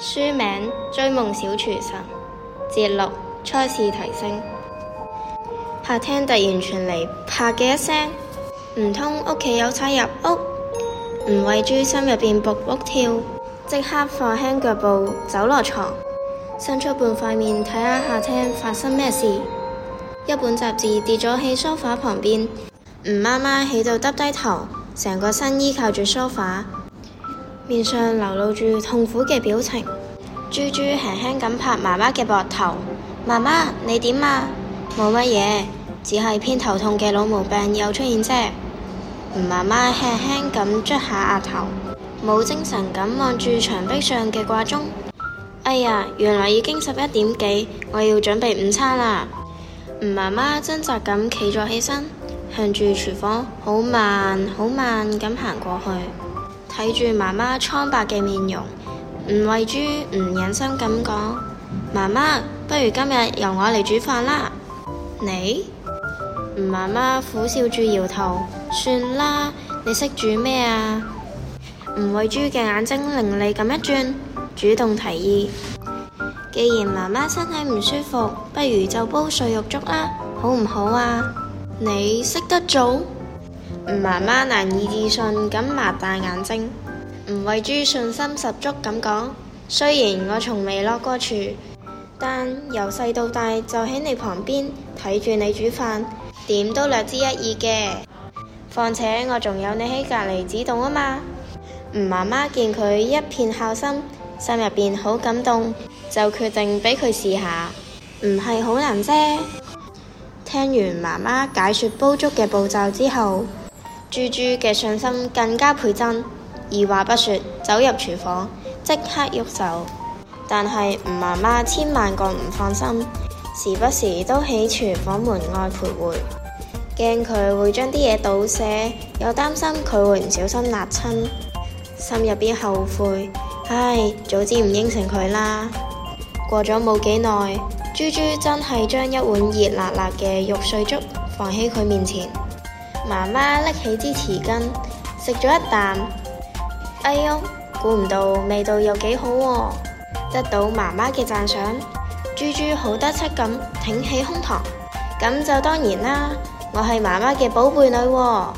書名《追夢小廚神》，節錄：初試啼聲。客廳突然傳嚟「啪」嘅一聲，唔通屋企有賊入屋？吳慧珠心入邊卜卜跳，即刻放輕腳步走落床，伸出半塊面睇下客廳發生咩事。一本雜誌跌咗喺梳化旁邊，吳媽媽喺度耷低頭，成個身依靠住梳化。面上流露住痛苦嘅表情，豬豬輕輕咁拍媽媽嘅膊頭，媽媽你點啊？冇乜嘢，只係偏頭痛嘅老毛病又出現啫。吳媽媽輕輕咁捽下額頭，冇精神咁望住牆壁上嘅掛鐘，哎呀，原來已經十一點幾，我要準備午餐啦。吳媽媽掙扎咁企咗起身，向住廚房好慢好慢咁行過去。睇住媽媽蒼白嘅面容，吳慧珠唔忍心咁講：媽媽，不如今日由我嚟煮飯啦。你？吳媽媽苦笑住搖頭：算啦，你識煮咩啊？吳慧珠嘅眼睛伶俐咁一轉，主動提議：既然媽媽身體唔舒服，不如就煲碎肉粥啦，好唔好啊？你識得做？吳媽媽難以置信咁擘大眼睛，吳慧珠信心十足咁講：雖然我從未落過廚，但由細到大就喺你旁邊睇住你煮飯，點都略知一二嘅。況且我仲有你喺隔籬指導啊嘛。吳媽媽見佢一片孝心，心入邊好感動，就決定俾佢試下，唔係好難啫。聽完媽媽解說煲粥嘅步驟之後，豬豬嘅信心更加倍增，二話不說，走入廚房，即刻喐手。但係吳媽媽千萬個唔放心，時不時都喺廚房門外徘徊，驚佢會將啲嘢倒瀉，又擔心佢會唔小心辣親，心入邊後悔，唉，早知唔應承佢啦。過咗冇幾耐，豬豬真係將一碗熱辣辣嘅肉碎粥放喺佢面前。媽媽拎起支匙羹，食咗一啖，哎喲，估唔到味道又幾好喎啊！得到媽媽嘅讚賞，豬豬好得戚咁挺起胸膛，咁就當然啦，我係媽媽嘅寶貝女啊。